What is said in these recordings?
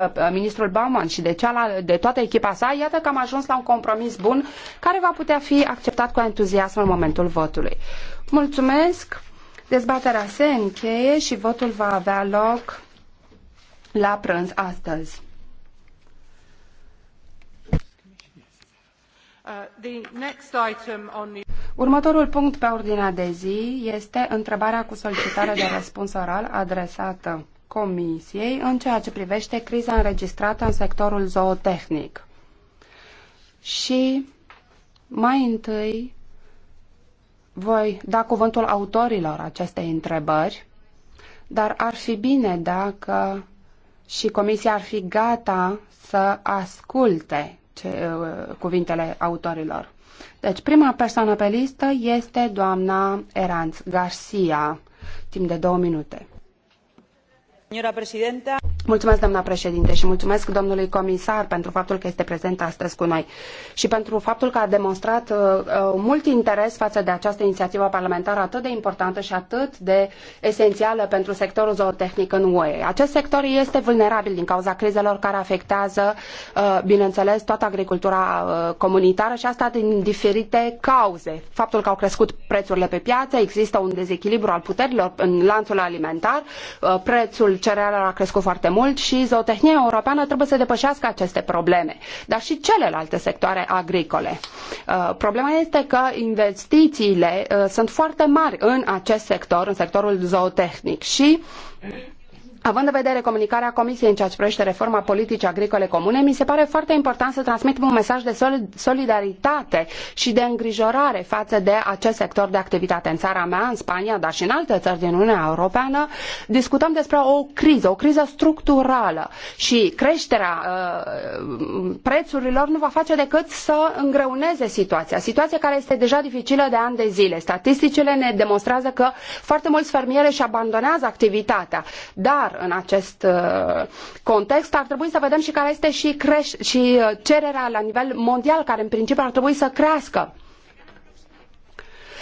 Ă, ă, ministrul Bauman și de, de toată echipa sa, iată că am ajuns la un compromis bun care va putea fi acceptat cu entuziasm în momentul votului. Mulțumesc! Dezbaterea se încheie și votul va avea loc la prânz astăzi. Următorul punct pe ordinea de zi este întrebarea cu solicitare de răspuns oral adresată Comisiei în ceea ce privește criza înregistrată în sectorul zootehnic. Și mai întâi voi da cuvântul autorilor acestei întrebări, dar ar fi bine dacă și Comisia ar fi gata să asculte ce, uh, cuvintele autorilor. Deci, prima persoană pe listă este doamna Eranț Garcia, timp de două minute señora presidenta Mulțumesc, doamna președinte, și mulțumesc domnului comisar pentru faptul că este prezent astăzi cu noi și pentru faptul că a demonstrat uh, uh, mult interes față de această inițiativă parlamentară atât de importantă și atât de esențială pentru sectorul zootehnic în UE. Acest sector este vulnerabil din cauza crizelor care afectează, uh, bineînțeles, toată agricultura uh, comunitară și asta din diferite cauze. Faptul că au crescut prețurile pe piață, există un dezechilibru al puterilor în lanțul alimentar, uh, prețul cerealelor a crescut foarte mult, mult și zootehnia europeană trebuie să depășească aceste probleme, dar și celelalte sectoare agricole. Uh, problema este că investițiile uh, sunt foarte mari în acest sector, în sectorul zootehnic și Având în vedere comunicarea Comisiei în ceea ce privește reforma politicii agricole comune, mi se pare foarte important să transmitem un mesaj de solidaritate și de îngrijorare față de acest sector de activitate. În țara mea, în Spania, dar și în alte țări din Uniunea Europeană, discutăm despre o criză, o criză structurală și creșterea uh, prețurilor nu va face decât să îngreuneze situația. Situația care este deja dificilă de ani de zile. Statisticile ne demonstrează că foarte mulți fermieri și abandonează activitatea, dar în acest uh, context ar trebui să vedem și care este și, creș- și uh, cererea la nivel mondial, care în principiu ar trebui să crească.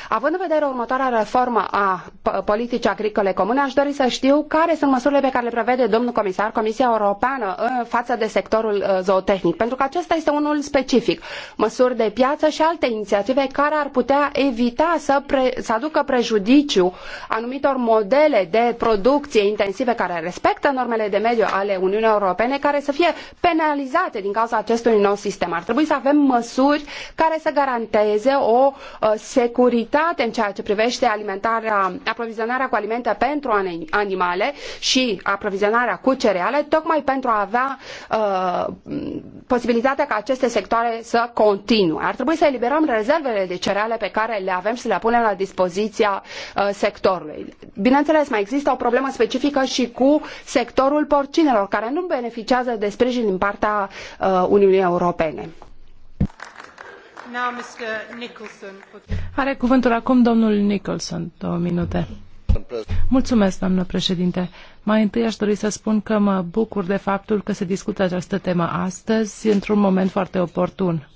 Având în vedere următoarea reformă a politicii agricole comune, aș dori să știu care sunt măsurile pe care le prevede domnul comisar Comisia Europeană în față de sectorul uh, zootehnic, pentru că acesta este unul specific. Măsuri de piață și alte inițiative care ar putea evita să, pre, să aducă prejudiciu anumitor modele de producție intensive care respectă normele de mediu ale Uniunii Europene, care să fie penalizate din cauza acestui nou sistem. Ar trebui să avem măsuri care să garanteze o uh, securitate respectate în ceea ce privește alimentarea, aprovizionarea cu alimente pentru animale și aprovizionarea cu cereale, tocmai pentru a avea uh, posibilitatea ca aceste sectoare să continue. Ar trebui să eliberăm rezervele de cereale pe care le avem și să le punem la dispoziția uh, sectorului. Bineînțeles, mai există o problemă specifică și cu sectorul porcinelor, care nu beneficiază de sprijin din partea uh, Uniunii Europene. Are cuvântul acum domnul Nicholson, două minute. Mulțumesc, doamnă președinte. Mai întâi aș dori să spun că mă bucur de faptul că se discută această temă astăzi, într-un moment foarte oportun.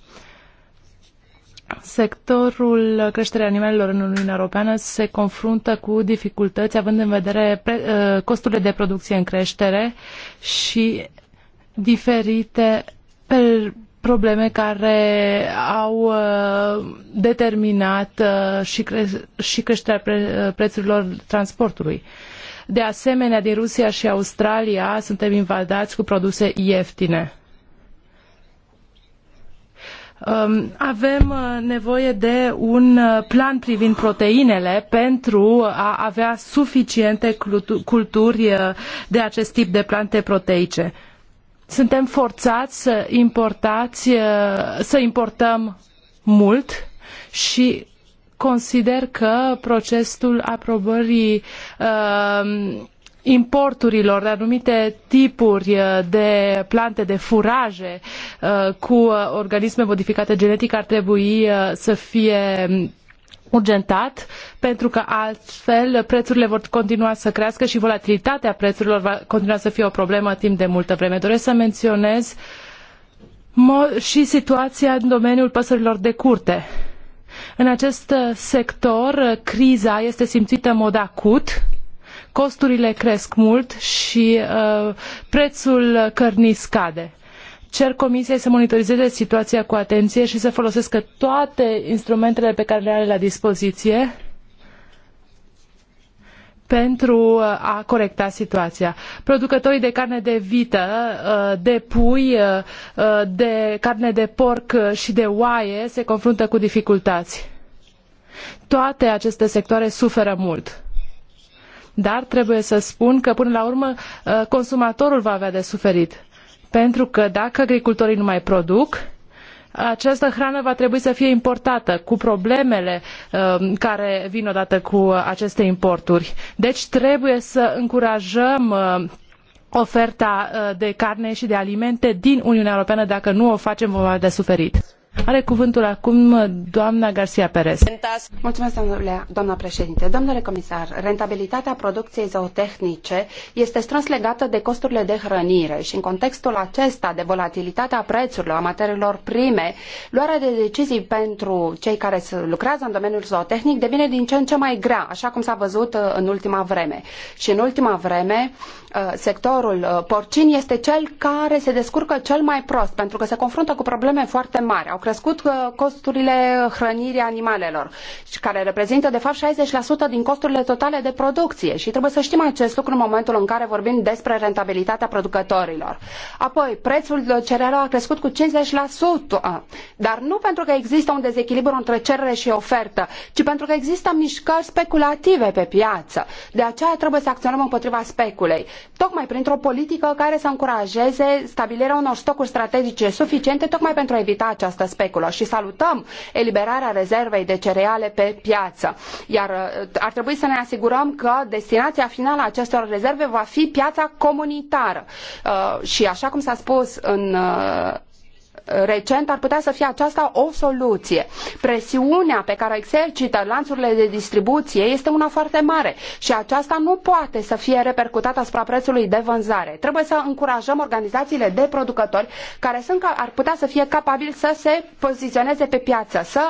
Sectorul creșterii animalelor în Uniunea Europeană se confruntă cu dificultăți, având în vedere uh, costurile de producție în creștere și diferite probleme care au uh, determinat uh, și, cre- și creșterea pre- uh, prețurilor transportului. De asemenea, din Rusia și Australia suntem invadați cu produse ieftine. Um, avem nevoie de un plan privind proteinele pentru a avea suficiente culturi de acest tip de plante proteice suntem forțați să, importați, uh, să importăm mult și consider că procesul aprobării uh, importurilor de anumite tipuri uh, de plante de furaje cu organisme modificate genetic ar trebui să fie urgentat, pentru că altfel prețurile vor continua să crească și volatilitatea prețurilor va continua să fie o problemă timp de multă vreme. Doresc să menționez și situația în domeniul păsărilor de curte. În acest sector, criza este simțită în mod acut, costurile cresc mult și uh, prețul cărnii scade. Cer Comisiei să monitorizeze situația cu atenție și să folosească toate instrumentele pe care le are la dispoziție pentru uh, a corecta situația. Producătorii de carne de vită, uh, de pui, uh, de carne de porc și de oaie se confruntă cu dificultăți. Toate aceste sectoare suferă mult. Dar trebuie să spun că până la urmă consumatorul va avea de suferit pentru că dacă agricultorii nu mai produc, această hrană va trebui să fie importată cu problemele uh, care vin odată cu aceste importuri. Deci trebuie să încurajăm uh, oferta uh, de carne și de alimente din Uniunea Europeană. Dacă nu o facem, vom avea de suferit. Are cuvântul acum doamna Garcia Perez. Mulțumesc, doamna președinte. Domnule comisar, rentabilitatea producției zootehnice este strâns legată de costurile de hrănire și în contextul acesta de volatilitatea prețurilor a materiilor prime, luarea de decizii pentru cei care lucrează în domeniul zootehnic devine din ce în ce mai grea, așa cum s-a văzut uh, în ultima vreme. Și în ultima vreme, uh, sectorul uh, porcin este cel care se descurcă cel mai prost, pentru că se confruntă cu probleme foarte mari au crescut uh, costurile hrănirii animalelor, care reprezintă de fapt 60% din costurile totale de producție și trebuie să știm acest lucru în momentul în care vorbim despre rentabilitatea producătorilor. Apoi, prețul cerealelor a crescut cu 50%, dar nu pentru că există un dezechilibru între cerere și ofertă, ci pentru că există mișcări speculative pe piață. De aceea trebuie să acționăm împotriva speculei, tocmai printr-o politică care să încurajeze stabilirea unor stocuri strategice suficiente, tocmai pentru a evita această speculă și salutăm eliberarea rezervei de cereale pe piață. Iar uh, ar trebui să ne asigurăm că destinația finală a acestor rezerve va fi piața comunitară. Uh, și așa cum s-a spus în uh, recent ar putea să fie aceasta o soluție. Presiunea pe care o exercită lanțurile de distribuție este una foarte mare și aceasta nu poate să fie repercutată asupra prețului de vânzare. Trebuie să încurajăm organizațiile de producători care sunt, ar putea să fie capabili să se poziționeze pe piață, să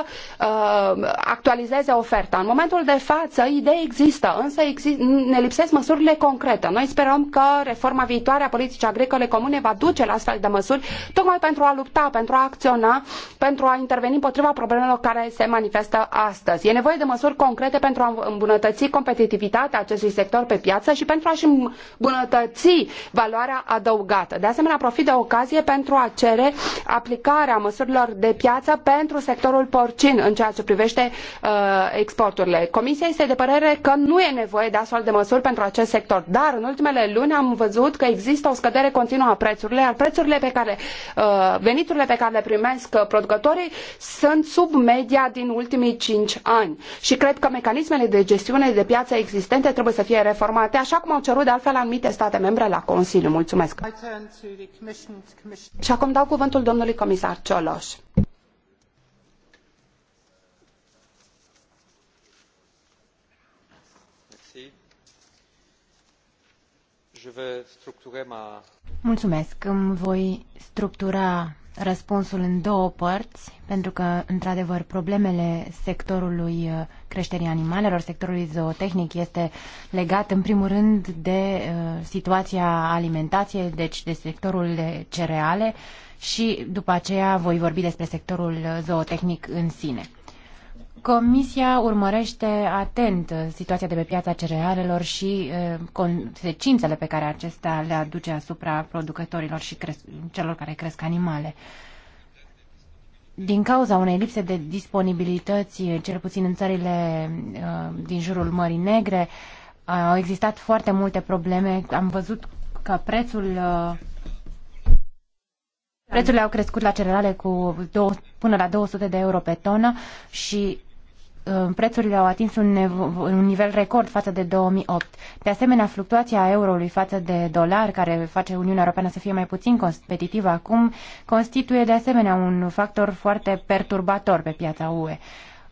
uh, actualizeze oferta. În momentul de față, idei există, însă exist, ne lipsesc măsurile concrete. Noi sperăm că reforma viitoare a politicii agricole comune va duce la astfel de măsuri tocmai pentru a lupta pentru a acționa, pentru a interveni împotriva problemelor care se manifestă astăzi. E nevoie de măsuri concrete pentru a îmbunătăți competitivitatea acestui sector pe piață și pentru a-și îmbunătăți valoarea adăugată. De asemenea, profit de ocazie pentru a cere aplicarea măsurilor de piață pentru sectorul porcin în ceea ce privește uh, exporturile. Comisia este de părere că nu e nevoie de astfel de măsuri pentru acest sector, dar în ultimele luni am văzut că există o scădere continuă a prețurilor, iar prețurile pe care uh, veniturile veniturile pe care le primesc producătorii sunt sub media din ultimii cinci ani. Și cred că mecanismele de gestiune de piață existente trebuie să fie reformate, așa cum au cerut de altfel anumite state membre la Consiliu. Mulțumesc. Și acum dau cuvântul domnului comisar Cioloș. Mulțumesc. Îmi voi structura răspunsul în două părți, pentru că, într-adevăr, problemele sectorului uh, creșterii animalelor, sectorului zootehnic, este legat, în primul rând, de uh, situația alimentației, deci de sectorul de cereale și, după aceea, voi vorbi despre sectorul uh, zootehnic în sine. Comisia urmărește atent situația de pe piața cerealelor și eh, consecințele pe care acestea le aduce asupra producătorilor și celor care cresc animale. Din cauza unei lipse de disponibilități, eh, cel puțin în țările eh, din jurul Mării Negre, au existat foarte multe probleme. Am văzut că prețul Prețurile au crescut la cereale cu două, până la 200 de euro pe tonă și Uh, prețurile au atins un, un nivel record față de 2008. De asemenea, fluctuația eurului față de dolar, care face Uniunea Europeană să fie mai puțin competitivă acum, constituie de asemenea un factor foarte perturbator pe piața UE.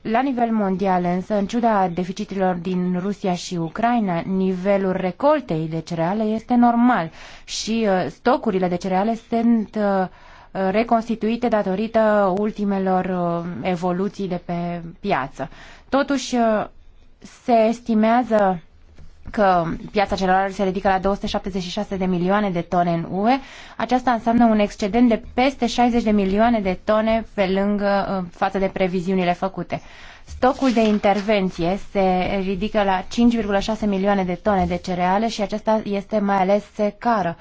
La nivel mondial, însă, în ciuda deficitelor din Rusia și Ucraina, nivelul recoltei de cereale este normal și uh, stocurile de cereale sunt uh, reconstituite datorită ultimelor uh, evoluții de pe piață. Totuși, uh, se estimează că piața cerelală se ridică la 276 de milioane de tone în UE. Aceasta înseamnă un excedent de peste 60 de milioane de tone pe lângă uh, față de previziunile făcute. Stocul de intervenție se ridică la 5,6 milioane de tone de cereale și aceasta este mai ales secară.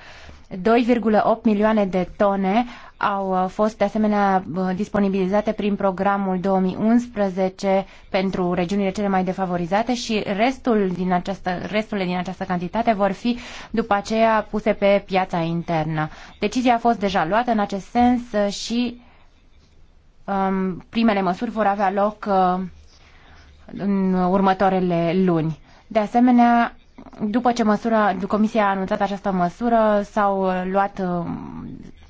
2,8 milioane de tone au uh, fost de asemenea uh, disponibilizate prin programul 2011 pentru regiunile cele mai defavorizate și restul din această, resturile din această cantitate vor fi după aceea puse pe piața internă. Decizia a fost deja luată în acest sens uh, și um, primele măsuri vor avea loc uh, în următoarele luni. De asemenea, după ce măsura, Comisia a anunțat această măsură, s-au luat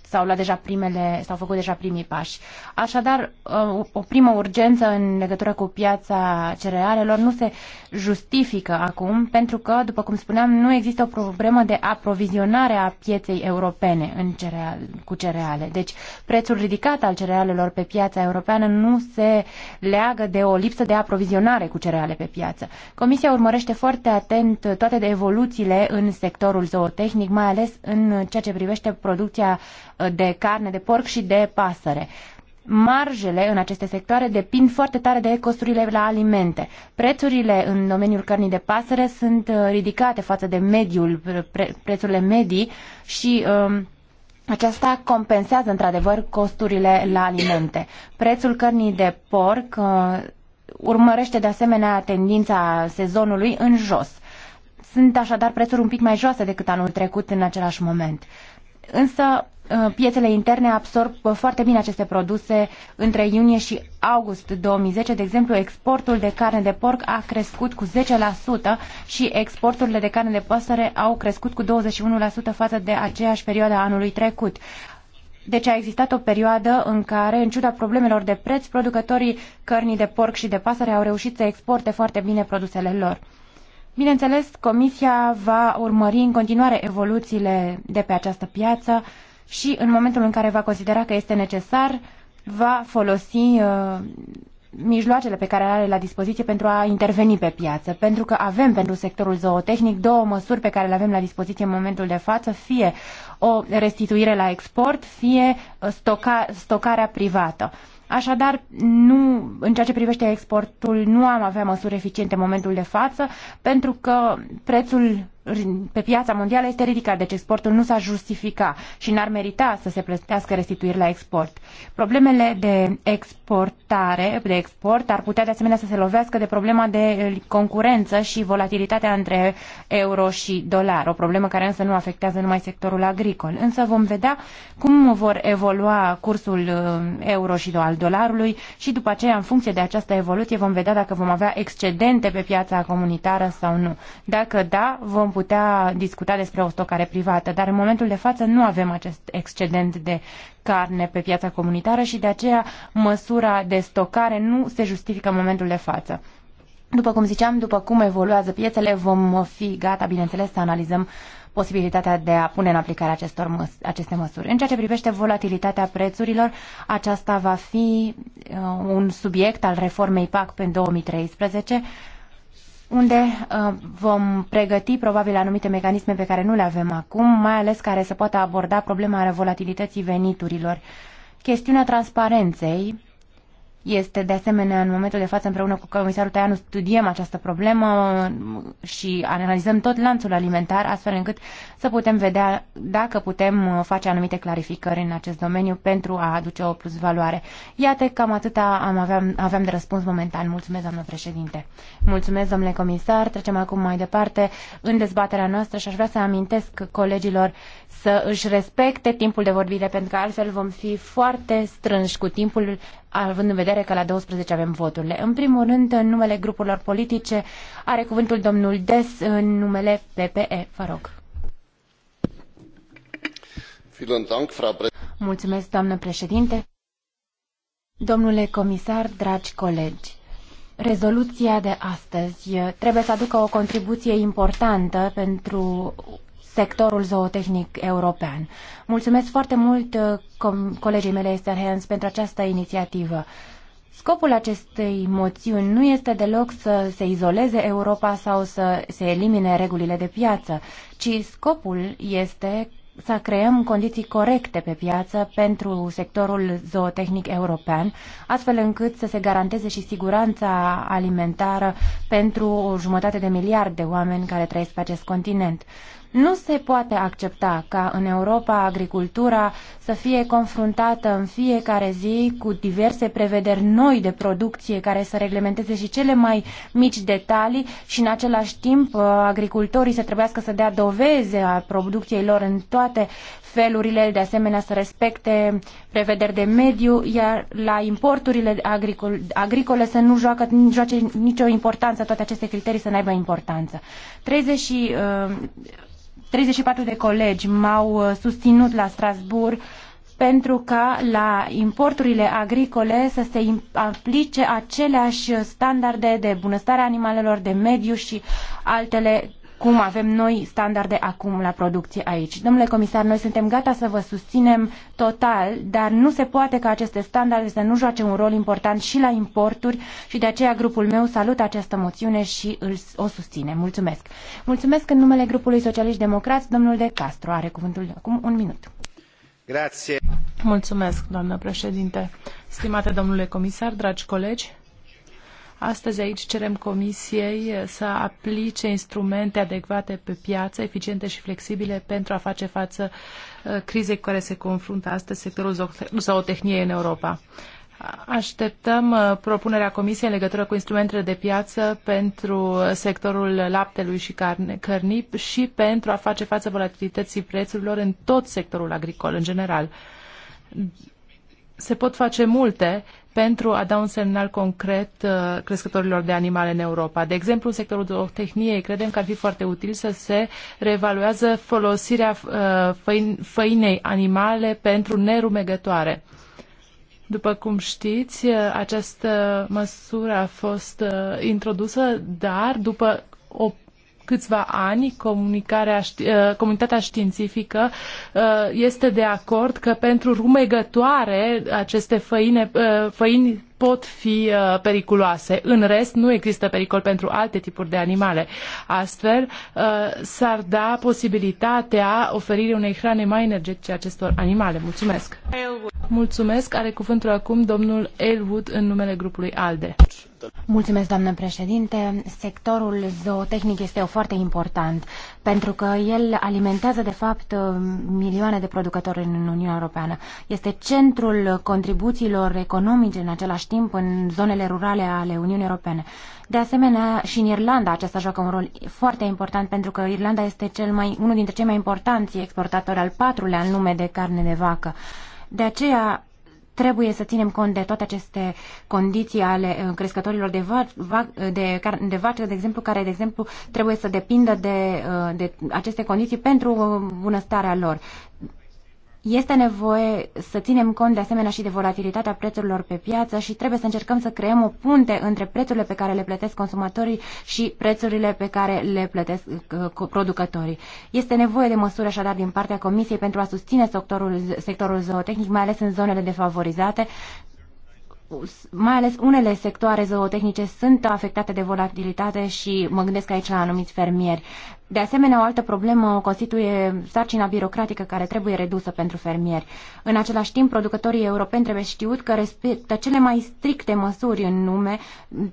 s-au luat deja primele, s-au făcut deja primii pași. Așadar, uh, o primă urgență în legătură cu piața cerealelor nu se justifică acum, pentru că, după cum spuneam, nu există o problemă de aprovizionare a pieței europene în cereal, cu cereale. Deci, prețul ridicat al cerealelor pe piața europeană nu se leagă de o lipsă de aprovizionare cu cereale pe piață. Comisia urmărește foarte atent toate de evoluțiile în sectorul zootehnic, mai ales în ceea ce privește producția de carne de porc și de pasăre. Marjele în aceste sectoare depind foarte tare de costurile la alimente. Prețurile în domeniul cărnii de pasăre sunt uh, ridicate față de mediul, pre, prețurile medii și um, aceasta compensează într-adevăr costurile la alimente. Prețul cărnii de porc uh, urmărește de asemenea tendința sezonului în jos. Sunt așadar prețuri un pic mai joase decât anul trecut în același moment. Însă Uh, piețele interne absorb uh, foarte bine aceste produse. Între iunie și august 2010, de exemplu, exportul de carne de porc a crescut cu 10% și exporturile de carne de păsăre au crescut cu 21% față de aceeași perioadă a anului trecut. Deci a existat o perioadă în care, în ciuda problemelor de preț, producătorii cărnii de porc și de pasăre au reușit să exporte foarte bine produsele lor. Bineînțeles, Comisia va urmări în continuare evoluțiile de pe această piață și în momentul în care va considera că este necesar, va folosi uh, mijloacele pe care le are la dispoziție pentru a interveni pe piață, pentru că avem pentru sectorul zootehnic două măsuri pe care le avem la dispoziție în momentul de față, fie o restituire la export, fie stoca, stocarea privată. Uh, Așadar, nu, în ceea ce privește exportul, nu am avea măsuri eficiente în momentul de față, pentru că prețul pe piața mondială este ridicat, deci exportul nu s-a justifica și n-ar merita să se plătească restituiri la export. Problemele de exportare, de export, ar putea de asemenea să se lovească de problema de concurență și volatilitatea între euro și dolar, o problemă care însă nu afectează numai sectorul agricol. Însă vom vedea cum vor evolua cursul uh, euro și dolar dolarului și după aceea, în funcție de această evoluție, vom vedea dacă vom avea excedente pe piața comunitară sau nu. Dacă da, vom putea discuta despre o stocare privată, dar în momentul de față nu avem acest excedent de carne pe piața comunitară și de aceea măsura de stocare nu se justifică în momentul de față. După cum ziceam, după cum evoluează piețele, vom fi gata, bineînțeles, să analizăm uh, posibilitatea de a pune în aplicare acestor măs- aceste măsuri. În ceea ce privește volatilitatea prețurilor, aceasta va fi uh, un subiect al reformei PAC pe 2013, unde uh, vom pregăti probabil anumite mecanisme pe care nu le avem acum, mai ales care să poată aborda problema volatilității veniturilor. Chestiunea transparenței este de asemenea în momentul de față împreună cu comisarul Tăianu studiem această problemă uh, și analizăm tot lanțul alimentar astfel încât să putem vedea dacă putem uh, face anumite clarificări în acest domeniu pentru a aduce o plus valoare. Iată, cam atâta am aveam, aveam de răspuns momentan. Mulțumesc, doamnă președinte. Mulțumesc, domnule comisar. Trecem acum mai departe în dezbaterea noastră și aș vrea să amintesc colegilor să își respecte timpul de vorbire, pentru că altfel vom fi foarte strânși cu timpul, având în vedere că la 12 avem voturile. În primul rând, în numele grupurilor politice, are cuvântul domnul Des în numele PPE. Vă rog. Mulțumesc, doamnă președinte. Domnule comisar, dragi colegi, rezoluția de astăzi trebuie să aducă o contribuție importantă pentru sectorul zootehnic european. Mulțumesc foarte mult uh, colegii mele Esther Hans pentru această inițiativă. Scopul acestei moțiuni nu este deloc să se izoleze Europa sau să se elimine regulile de piață, ci scopul este să creăm condiții corecte pe piață pentru sectorul zootehnic european, astfel încât să se garanteze și siguranța alimentară pentru o jumătate de miliard de oameni care trăiesc pe acest continent. Nu se poate accepta ca în Europa agricultura să fie confruntată în fiecare zi cu diverse prevederi noi de producție care să reglementeze și cele mai mici detalii și în același timp uh, agricultorii să trebuiască să dea doveze a producției lor în toate felurile, de asemenea să respecte prevederi de mediu, iar la importurile agricole, agricole să nu joacă, joace nicio importanță, toate aceste criterii să nu aibă importanță. 30 și, uh, 34 de colegi m-au uh, susținut la Strasbourg pentru ca la importurile agricole să se aplice aceleași standarde de bunăstare animalelor, de mediu și altele cum avem noi standarde acum la producție aici. Domnule comisar, noi suntem gata să vă susținem total, dar nu se poate ca aceste standarde să nu joace un rol important și la importuri și de aceea grupul meu salută această moțiune și îl, o susține. Mulțumesc. Mulțumesc în numele grupului Socialiști Democrați, domnul De Castro are cuvântul acum un minut. Grazie. Mulțumesc, doamnă președinte. Stimate domnule comisar, dragi colegi, Astăzi aici cerem Comisiei eh, să aplice instrumente adecvate pe piață, eficiente și flexibile pentru a face față eh, crizei cu care se confruntă astăzi sectorul zootehniei în Europa. Așteptăm eh, propunerea Comisiei în legătură cu instrumentele de piață pentru sectorul laptelui și carne, cărnii și pentru a face față volatilității prețurilor în tot sectorul agricol în general. Se pot face multe pentru a da un semnal concret uh, crescătorilor de animale în Europa. De exemplu, în sectorul zootehniei credem că ar fi foarte util să se reevaluează folosirea uh, făinei animale pentru nerumegătoare. După cum știți, uh, această măsură a fost introdusă, dar după o câțiva ani comunicarea, uh, comunitatea științifică uh, este de acord că pentru rumegătoare aceste făine, uh, făini pot fi periculoase. În rest, nu există pericol pentru alte tipuri de animale. Astfel, s-ar da posibilitatea oferirii unei hrane mai energetice acestor animale. Mulțumesc! Mulțumesc! Are cuvântul acum domnul Elwood în numele grupului ALDE. Mulțumesc, doamnă președinte. Sectorul zootehnic este o foarte important pentru că el alimentează, de fapt, milioane de producători în Uniunea Europeană. Este centrul contribuțiilor economice în același timp în zonele rurale ale Uniunii Europene. De asemenea, și în Irlanda acesta joacă un rol foarte important pentru că Irlanda este cel mai, unul dintre cei mai importanți exportatori al patrulea în lume de carne de vacă. De aceea, Trebuie să ținem cont de toate aceste condiții ale uh, crescătorilor de, va, de, de vaci, de exemplu, care, de exemplu, trebuie să depindă de, uh, de aceste condiții pentru uh, bunăstarea lor este nevoie să ținem cont de asemenea și de volatilitatea prețurilor pe piață și trebuie să încercăm să creăm o punte între prețurile pe care le plătesc consumatorii și prețurile pe care le plătesc uh, producătorii. Este nevoie de măsuri așadar din partea Comisiei pentru a susține sectorul, sectorul zootehnic, mai ales în zonele defavorizate, mai ales unele sectoare zootehnice sunt afectate de volatilitate și mă gândesc aici la anumiți fermieri. De asemenea, o altă problemă o constituie sarcina birocratică care trebuie redusă pentru fermieri. În același timp, producătorii europeni trebuie știut că respectă cele mai stricte măsuri în nume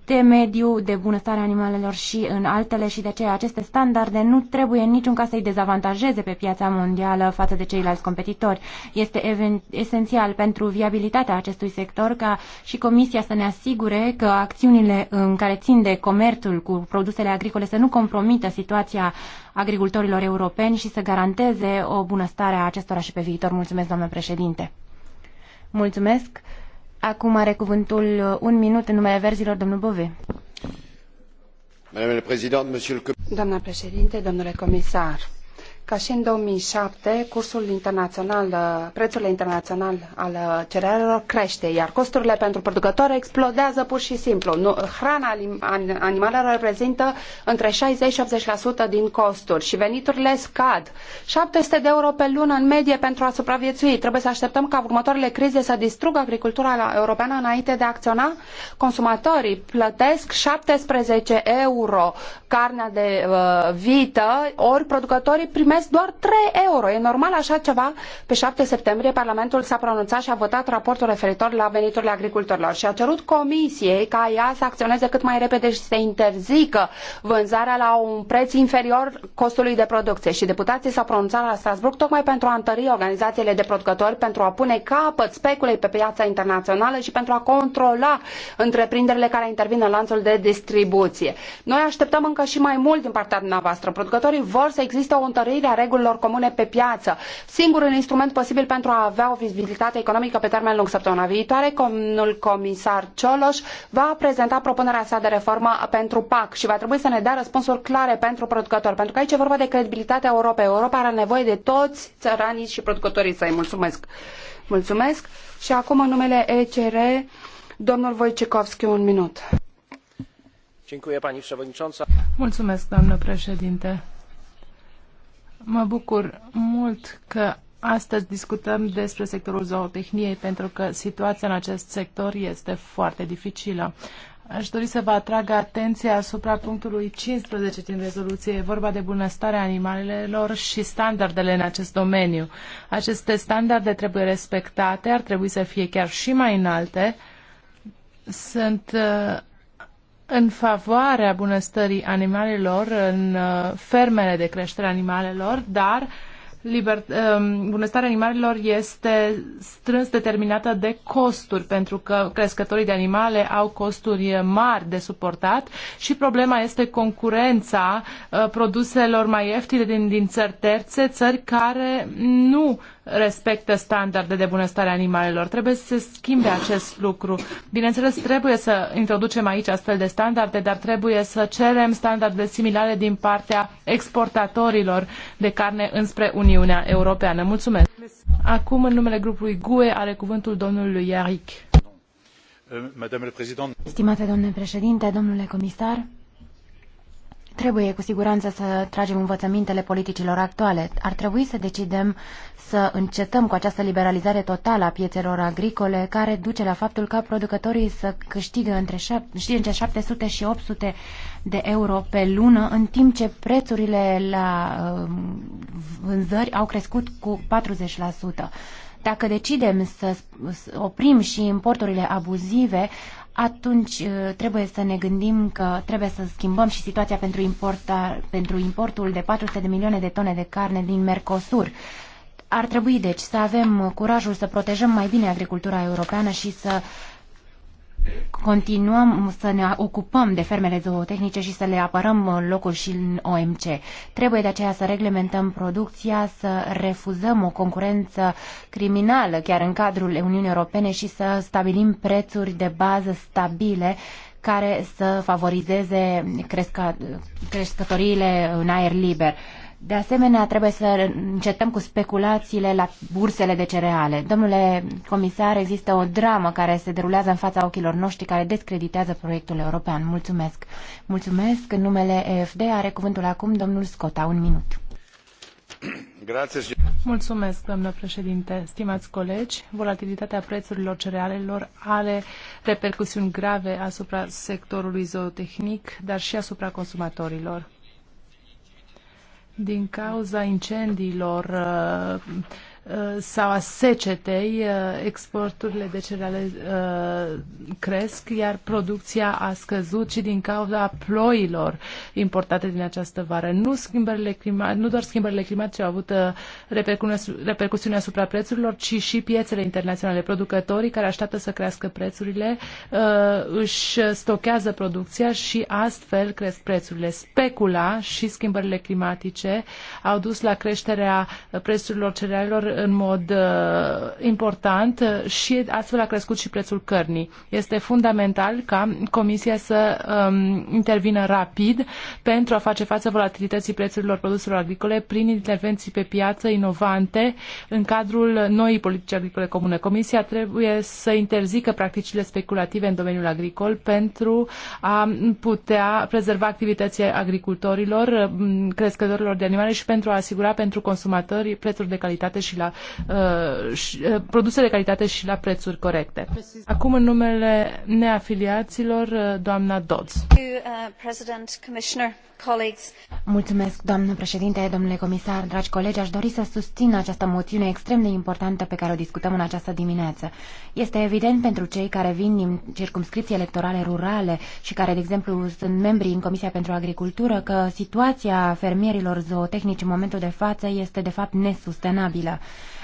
de mediu, de bunăstare animalelor și în altele și de aceea aceste standarde nu trebuie în niciun caz să-i dezavantajeze pe piața mondială față de ceilalți competitori. Este esențial pentru viabilitatea acestui sector ca și Comisia să ne asigure că acțiunile în care țin de comerțul cu produsele agricole să nu compromită situația agricultorilor europeni și să garanteze o bunăstare a acestora și pe viitor. Mulțumesc, doamnă președinte. Mulțumesc. Acum are cuvântul un minut în numele verzilor, domnul Bove. Doamna președinte, domnule comisar, ca și în 2007 cursul internațional, uh, prețul internațional al uh, cerealelor crește, iar costurile pentru producători explodează pur și simplu. Nu, hrana animalelor reprezintă între 60 și 80% din costuri și veniturile scad. 700 de euro pe lună în medie pentru a supraviețui. Trebuie să așteptăm ca următoarele crize să distrugă agricultura europeană înainte de a acționa. Consumatorii plătesc 17 euro carnea de uh, vită, ori producătorii primesc plătesc doar 3 euro. E normal așa ceva? Pe 7 septembrie Parlamentul s-a pronunțat și a votat raportul referitor la veniturile agricultorilor și a cerut comisiei ca ea să acționeze cât mai repede și să interzică vânzarea la un preț inferior costului de producție. Și deputații s-au pronunțat la Strasbourg tocmai pentru a întări organizațiile de producători, pentru a pune capăt speculei pe piața internațională și pentru a controla întreprinderile care intervin în lanțul de distribuție. Noi așteptăm încă și mai mult din partea dumneavoastră. Producătorii vor să existe o întărire a regulilor comune pe piață. Singurul instrument posibil pentru a avea o vizibilitate economică pe termen lung săptămâna viitoare, domnul comisar Cioloș va prezenta propunerea sa de reformă pentru PAC și va trebui să ne dea răspunsuri clare pentru producători, pentru că aici e vorba de credibilitatea Europei. Europa are nevoie de toți țăranii și producătorii săi. Mulțumesc! Mulțumesc! Și acum în numele ECR, domnul Wojciechowski, un minut. Mulțumesc, doamnă președinte. Mă bucur mult că astăzi discutăm despre sectorul zootehniei pentru că situația în acest sector este foarte dificilă. Aș dori să vă atrag atenția asupra punctului 15 din rezoluție. E vorba de bunăstarea animalelor și standardele în acest domeniu. Aceste standarde trebuie respectate, ar trebui să fie chiar și mai înalte. Sunt uh, în favoarea bunăstării animalelor, în uh, fermele de creștere animalelor, dar liber, um, bunăstarea animalelor este strâns determinată de costuri, pentru că crescătorii de animale au costuri mari de suportat și problema este concurența uh, produselor mai ieftine din, din țări terțe, țări care nu respectă standarde de bunăstare a animalelor. Trebuie să se schimbe acest lucru. Bineînțeles, trebuie să introducem aici astfel de standarde, dar trebuie să cerem standarde similare din partea exportatorilor de carne înspre Uniunea Uniunea Europeană. Mulțumesc. Acum, în numele grupului GUE, are cuvântul domnul Iaric. Stimate domnule președinte, domnule comisar, Trebuie cu siguranță să tragem învățămintele politicilor actuale. Ar trebui să decidem să încetăm cu această liberalizare totală a piețelor agricole care duce la faptul ca producătorii să câștigă între, știe, între 700 și 800 de euro pe lună, în timp ce prețurile la um, vânzări au crescut cu 40%. Dacă decidem să oprim și importurile abuzive, atunci uh, trebuie să ne gândim că trebuie să schimbăm și situația pentru, importa, pentru importul de 400 de milioane de tone de carne din Mercosur. Ar trebui, deci, să avem curajul să protejăm mai bine agricultura europeană și să continuăm să ne ocupăm de fermele zootehnice și să le apărăm locul și în OMC. Trebuie de aceea să reglementăm producția, să refuzăm o concurență criminală chiar în cadrul Uniunii Europene și să stabilim prețuri de bază stabile care să favorizeze crescă, crescătoriile în aer liber. De asemenea, trebuie să încetăm cu speculațiile la bursele de cereale. Domnule comisar, există o dramă care se derulează în fața ochilor noștri care descreditează proiectul european. Mulțumesc! Mulțumesc! În numele EFD are cuvântul acum domnul Scota. Un minut. Mulțumesc, doamnă președinte. Stimați colegi, volatilitatea prețurilor cerealelor are repercusiuni grave asupra sectorului zootehnic, dar și asupra consumatorilor din cauza incendiilor uh, Uh, sau a secetei, uh, exporturile de cereale uh, cresc, iar producția a scăzut și din cauza ploilor importate din această vară. Nu, schimbările climat nu doar schimbările climatice au avut repercusiuni asupra prețurilor, ci și piețele internaționale. Producătorii care așteaptă să crească prețurile își stochează producția și astfel cresc prețurile. Specula și schimbările climatice au dus la creșterea prețurilor cerealelor în mod uh, important uh, și astfel a crescut și prețul cărnii. Este fundamental ca Comisia să um, intervină rapid pentru a face față volatilității prețurilor produselor agricole prin intervenții pe piață inovante în cadrul noii politici agricole comune. Comisia trebuie să interzică practicile speculative în domeniul agricol pentru a putea prezerva activității agricultorilor, um, crescătorilor de animale și pentru a asigura pentru consumatori prețuri de calitate și la la uh, și, uh, produse de calitate și la prețuri corecte. Acum, în numele neafiliaților, uh, doamna Dodds. Uh, Mulțumesc, doamnă președinte, domnule comisar, dragi colegi, aș dori să susțin această moțiune extrem de importantă pe care o discutăm în această dimineață. Este evident pentru cei care vin din circumscripții electorale rurale și care, de exemplu, sunt membri în Comisia pentru Agricultură că situația fermierilor zootehnici în momentul de față este, de fapt, nesustenabilă.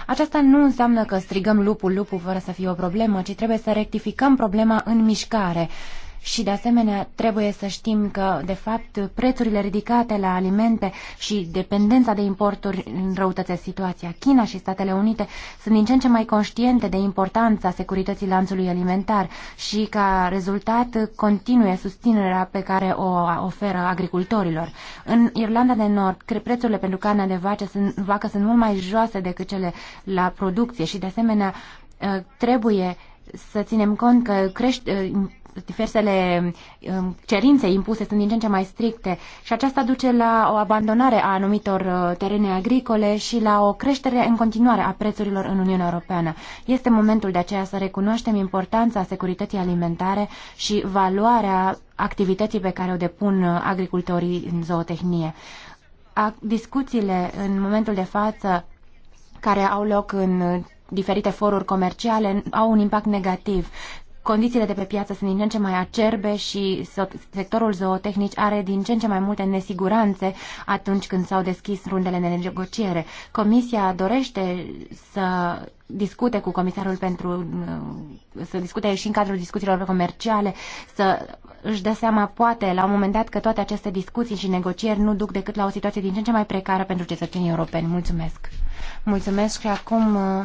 Aceasta nu înseamnă că strigăm lupul, lupul fără să fie o problemă, ci trebuie să rectificăm problema în mișcare și de asemenea trebuie să știm că de fapt prețurile ridicate la alimente și dependența de importuri înrăutățesc situația. China și Statele Unite sunt din ce în ce mai conștiente de importanța securității lanțului alimentar și ca rezultat continuă susținerea pe care o oferă agricultorilor. În Irlanda de Nord, prețurile pentru carnea de vacă sunt, vacă sunt mult mai joase decât cele la producție și de asemenea ă, trebuie să ținem cont că crește, diversele um, cerințe impuse sunt din ce în ce mai stricte și aceasta duce la o abandonare a anumitor uh, terene agricole și la o creștere în continuare a prețurilor în Uniunea Europeană. Este momentul de aceea să recunoaștem importanța securității alimentare și valoarea activității pe care o depun uh, agricultorii în zootehnie. Discuțiile în momentul de față care au loc în uh, diferite foruri comerciale au un impact negativ Condițiile de pe piață sunt din ce în ce mai acerbe și sectorul zootehnic are din ce în ce mai multe nesiguranțe atunci când s-au deschis rundele de negociere. Comisia dorește să discute cu comisarul pentru uh, să discute și în cadrul discuțiilor comerciale, să își dă seama poate la un moment dat că toate aceste discuții și negocieri nu duc decât la o situație din ce în ce mai precară pentru cetățenii europeni. Mulțumesc! Mulțumesc și acum uh,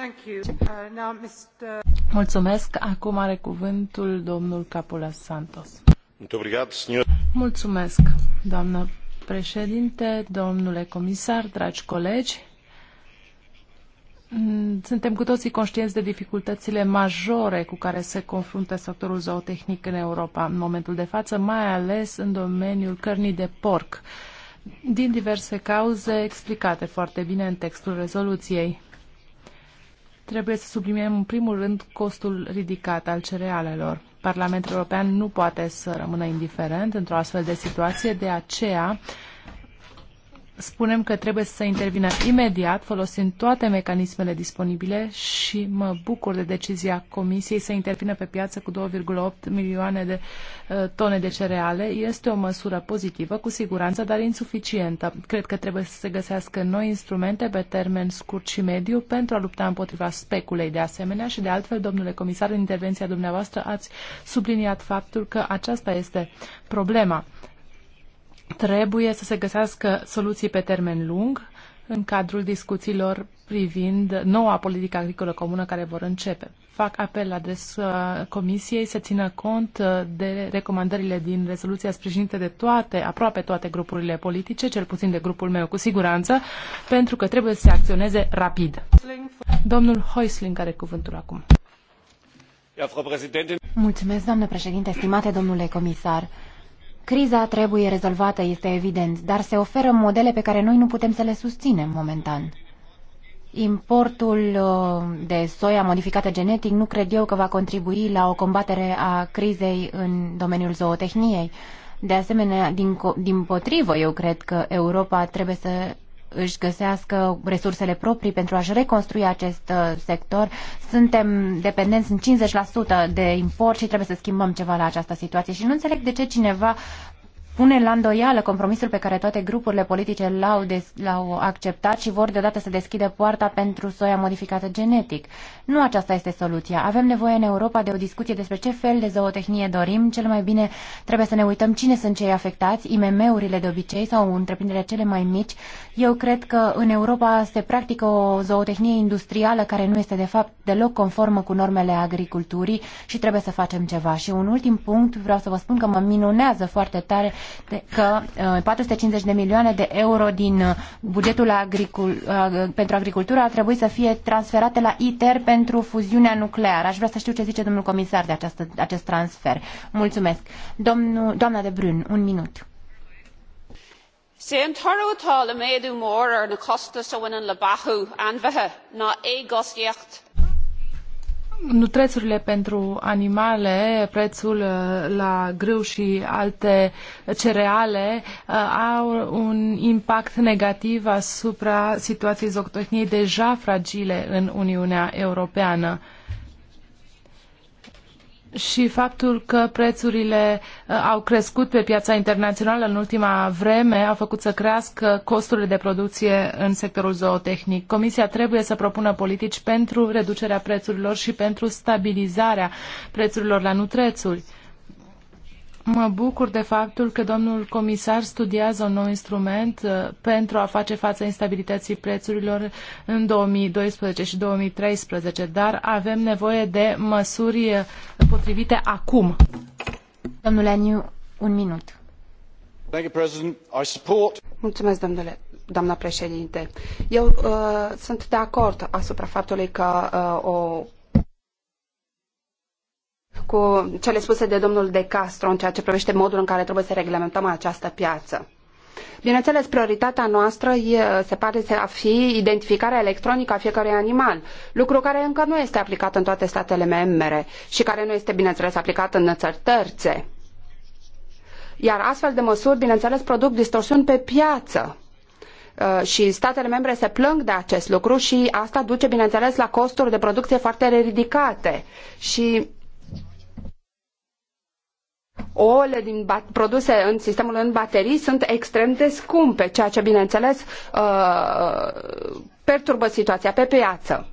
Uh, Mulțumesc. Acum are domnul Capulas Santos. Mulțumesc, doamnă președinte, domnule comisar, dragi colegi. Suntem cu toții conștienți de dificultățile majore cu care se confruntă sectorul zootehnic în Europa în momentul de față, mai ales în domeniul cărnii de porc, din diverse cauze explicate foarte bine în textul rezoluției. Trebuie să subliniem în primul rând costul ridicat al cerealelor. Parlamentul European nu poate să rămână indiferent într-o astfel de situație, de aceea spunem că trebuie să intervină imediat, folosind toate mecanismele disponibile și mă bucur de decizia Comisiei să intervină pe piață cu 2,8 milioane de uh, tone de cereale. Este o măsură pozitivă, cu siguranță, dar insuficientă. Cred că trebuie să se găsească noi instrumente pe termen scurt și mediu pentru a lupta împotriva speculei de asemenea și de altfel, domnule comisar, în intervenția dumneavoastră ați subliniat faptul că aceasta este problema Trebuie să se găsească soluții pe termen lung în cadrul discuțiilor privind noua politică agricolă comună care vor începe. Fac apel la adresa Comisiei să țină cont uh, de recomandările din rezoluția sprijinită de toate, aproape toate grupurile politice, cel puțin de grupul meu cu siguranță, pentru că trebuie să se acționeze rapid. Domnul Heusling are cuvântul acum. Mulțumesc, doamnă președinte, stimate domnule comisar. Criza trebuie rezolvată, este evident, dar se oferă modele pe care noi nu putem să le susținem momentan. Importul uh, de soia modificată genetic nu cred eu că va contribui la o combatere a crizei în domeniul zootehniei. De asemenea, din, din potrivă, eu cred că Europa trebuie să își găsească resursele proprii pentru a-și reconstrui acest uh, sector. Suntem dependenți în 50% de import și trebuie să schimbăm ceva la această situație și nu înțeleg de ce cineva pune la îndoială compromisul pe care toate grupurile politice l-au, l-au acceptat și vor deodată să deschidă poarta pentru soia modificată genetic. Nu aceasta este soluția. Avem nevoie în Europa de o discuție despre ce fel de zootehnie dorim. Cel mai bine trebuie să ne uităm cine sunt cei afectați, IMM-urile de obicei sau întreprinderile cele mai mici. Eu cred că în Europa se practică o zootehnie industrială care nu este de fapt deloc conformă cu normele agriculturii și trebuie să facem ceva. Și un ultim punct, vreau să vă spun că mă minunează foarte tare că 450 uh, de milioane de euro din uh, bugetul agricul, uh, pentru agricultură ar trebui să fie transferate la ITER pentru fuziunea nucleară. Aș vrea să știu ce zice domnul comisar de această, acest transfer. Mulțumesc. Domnul, doamna de Brun, un minut. Se tarú o méadú mór ar na costa sa bhain an le bathú na ná é nutrețurile pentru animale, prețul uh, la grâu și alte cereale uh, au un impact negativ asupra situației zootehniei deja fragile în Uniunea Europeană și faptul că prețurile uh, au crescut pe piața internațională în ultima vreme a făcut să crească costurile de producție în sectorul zootehnic. Comisia trebuie să propună politici pentru reducerea prețurilor și pentru stabilizarea prețurilor la nutrețuri. Mă bucur de faptul că domnul comisar studiază un nou instrument uh, pentru a face față instabilității prețurilor în 2012 și 2013, dar avem nevoie de măsuri uh, potrivite acum. Domnule Aniu, un minut. Mulțumesc, domnule doamnă președinte. Eu uh, sunt de acord asupra faptului că uh, o cu cele spuse de domnul De Castro în ceea ce privește modul în care trebuie să reglementăm această piață. Bineînțeles, prioritatea noastră e, se pare să fi identificarea electronică a fiecărui animal, lucru care încă nu este aplicat în toate statele membre și care nu este, bineînțeles, aplicat în țări terțe. Iar astfel de măsuri, bineînțeles, produc distorsiuni pe piață uh, și statele membre se plâng de acest lucru și asta duce, bineînțeles, la costuri de producție foarte ridicate. Și ouăle din produse în sistemul în baterii sunt extrem de scumpe, ceea ce, bineînțeles, uh, perturbă situația pe piață.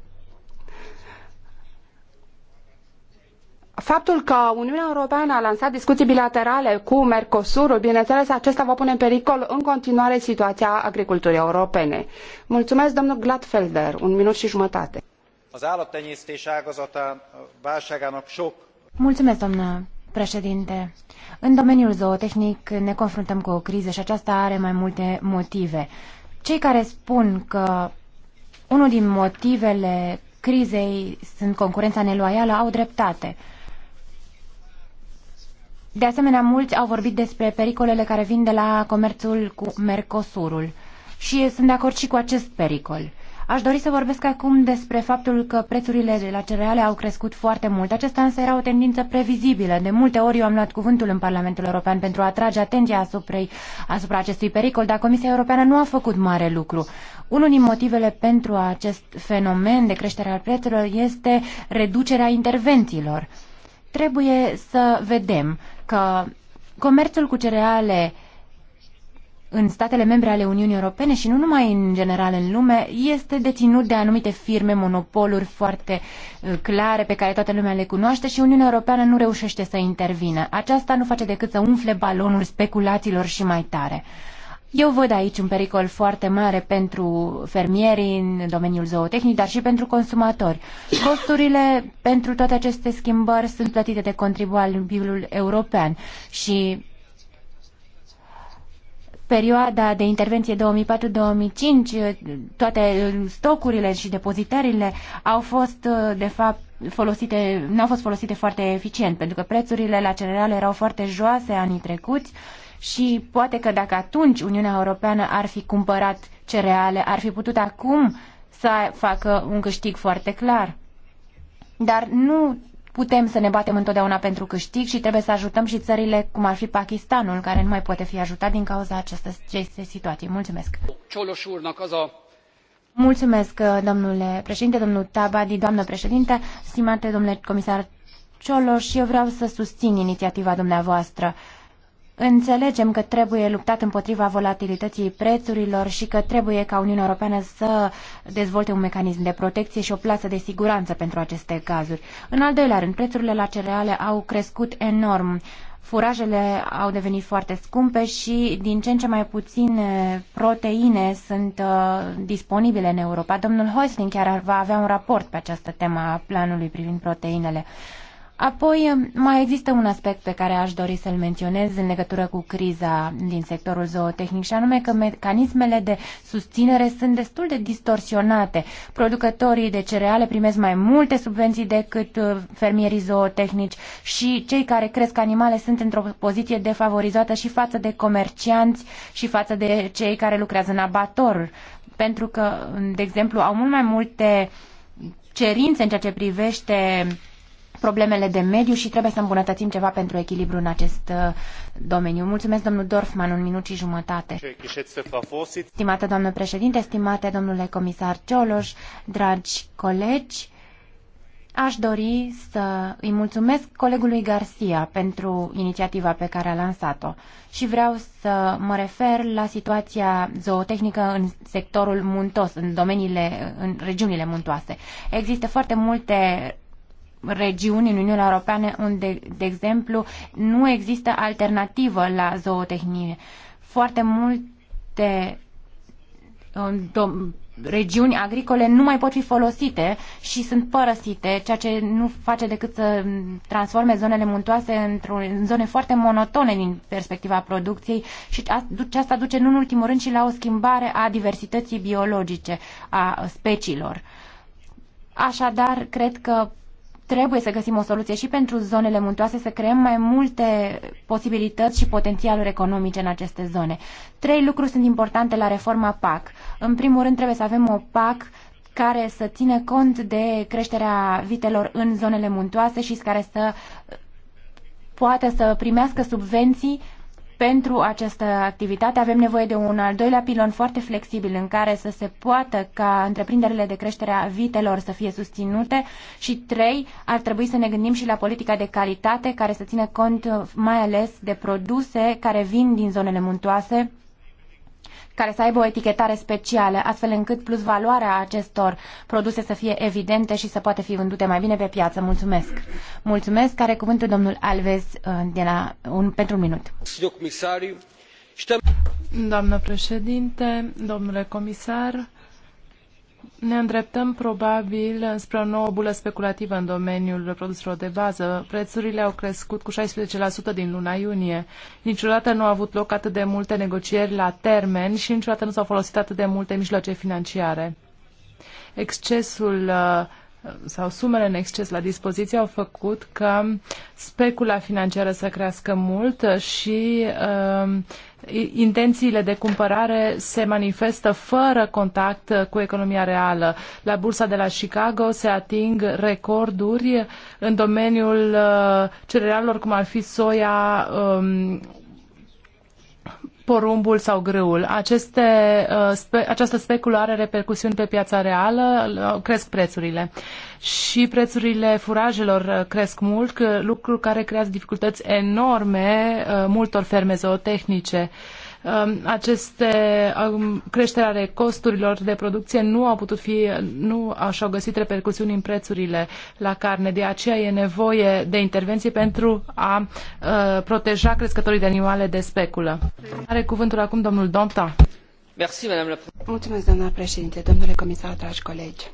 Faptul că Uniunea Europeană a lansat discuții bilaterale cu Mercosurul, bineînțeles, acesta va pune în pericol în continuare situația agriculturii europene. Mulțumesc, domnul Gladfelder. Un minut și jumătate. Mulțumesc, doamnă Președinte, în domeniul zootehnic ne confruntăm cu o criză și aceasta are mai multe motive. Cei care spun că unul din motivele crizei sunt concurența neloială au dreptate. De asemenea, mulți au vorbit despre pericolele care vin de la comerțul cu Mercosurul și sunt de acord și cu acest pericol. Aș dori să vorbesc acum despre faptul că prețurile de la cereale au crescut foarte mult. Acesta însă era o tendință previzibilă. De multe ori eu am luat cuvântul în Parlamentul European pentru a atrage atenția asupra, asupra acestui pericol, dar Comisia Europeană nu a făcut mare lucru. Unul din motivele pentru acest fenomen de creștere al prețurilor este reducerea intervențiilor. Trebuie să vedem că comerțul cu cereale uh, în statele membre ale Uniunii Europene și nu numai în general în lume, este deținut de anumite firme, monopoluri foarte uh, clare pe care toată lumea le cunoaște și Uniunea Europeană nu reușește să intervină. Aceasta nu face decât să umfle balonul speculațiilor și mai tare. Eu văd aici un pericol foarte mare pentru fermierii în domeniul zootehnic, dar și pentru consumatori. Costurile pentru toate aceste schimbări sunt plătite de contribuabilul european și perioada de intervenție 2004-2005, toate uh, stocurile și depozitările au fost, uh, de fapt, folosite, n-au fost folosite foarte eficient, pentru că prețurile la cereale erau foarte joase anii trecuți și poate că dacă atunci Uniunea Europeană ar fi cumpărat cereale, ar fi putut acum să facă un câștig foarte clar. Dar nu Putem să ne batem întotdeauna pentru câștig și trebuie să ajutăm și țările cum ar fi Pakistanul, care nu mai poate fi ajutat din cauza acestei situații. Mulțumesc! Mulțumesc, uh, domnule președinte, domnul Tabadi, doamnă președinte, stimate domnule comisar Cioloș, eu vreau să susțin inițiativa dumneavoastră. Înțelegem că trebuie luptat împotriva volatilității prețurilor și că trebuie ca Uniunea Europeană să dezvolte un mecanism de protecție și o plasă de siguranță pentru aceste cazuri. În al doilea rând, prețurile la cereale au crescut enorm. Furajele au devenit foarte scumpe și din ce în ce mai puține proteine sunt uh, disponibile în Europa. Domnul Hoisling chiar va avea un raport pe această temă a planului privind proteinele. Uh, Apoi um, mai există un aspect pe care aș dori să-l menționez în legătură cu criza din sectorul zootehnic și anume că mecanismele de susținere sunt destul de distorsionate. Producătorii de cereale primesc mai multe subvenții decât uh, fermierii zootehnici și cei care cresc animale sunt într-o poziție defavorizată și față de comercianți și față de cei care lucrează în abator, pentru că, um, de exemplu, au mult mai multe cerințe în ceea ce privește problemele de mediu și trebuie să îmbunătățim ceva pentru echilibru în acest uh, domeniu. Mulțumesc, domnul Dorfman, un minut și jumătate. Stimată doamnă președinte, stimate domnule comisar Cioloș, dragi colegi, aș dori să îi mulțumesc colegului Garcia pentru inițiativa pe care a lansat-o și vreau să mă refer la situația zootehnică în sectorul muntos, în domeniile, în regiunile muntoase. Există foarte multe regiuni în Uniunea Europeană unde, de exemplu, nu există alternativă la zootehnie. Foarte multe um, regiuni agricole nu mai pot fi folosite și sunt părăsite, ceea ce nu face decât să transforme zonele muntoase într-o zone foarte monotone din perspectiva producției și asta duce nu în ultimul rând și la o schimbare a diversității biologice a speciilor. Așadar, cred că trebuie să găsim o soluție și pentru zonele muntoase, să creăm mai multe posibilități și potențialuri economice în aceste zone. Trei lucruri sunt importante la reforma PAC. În primul rând, trebuie să avem o PAC care să țină cont de creșterea vitelor în zonele muntoase și care să poată să primească subvenții uh, pentru această activitate avem nevoie de un al doilea pilon foarte flexibil în care să se poată ca întreprinderile de creștere a vitelor să fie susținute și trei, ar trebui să ne gândim și la politica de calitate care să țină cont mai ales de produse care vin din zonele muntoase care să aibă o etichetare specială, astfel încât plus valoarea acestor produse să fie evidente și să poate fi vândute mai bine pe piață. Mulțumesc! Mulțumesc! Care cuvântul domnul Alves uh, de la un, pentru un minut. Doamnă președinte, domnule comisar, ne îndreptăm probabil spre o nouă bulă speculativă în domeniul produselor de bază. Prețurile au crescut cu 16% din luna iunie. Niciodată nu au avut loc atât de multe negocieri la termen și niciodată nu s-au folosit atât de multe mijloace financiare. Excesul uh, sau sumele în exces la dispoziție au făcut ca specula financiară să crească mult și uh, intențiile de cumpărare se manifestă fără contact cu economia reală. La bursa de la Chicago se ating recorduri în domeniul uh, cerealelor, cum ar fi soia, um, porumbul sau grâul. Aceste, uh, spe, această speculă are repercusiuni pe piața reală, uh, cresc prețurile. Și prețurile furajelor uh, cresc mult, lucru care creează dificultăți enorme multor ferme zootehnice. Um, aceste um, creșteri ale costurilor de producție nu au putut fi, nu și-au găsit repercusiuni în prețurile la carne. De aceea e nevoie de intervenție pentru a uh, proteja crescătorii de animale de speculă. Are cuvântul acum domnul Donta. Mulțumesc, doamna președinte, domnule comisar, dragi colegi.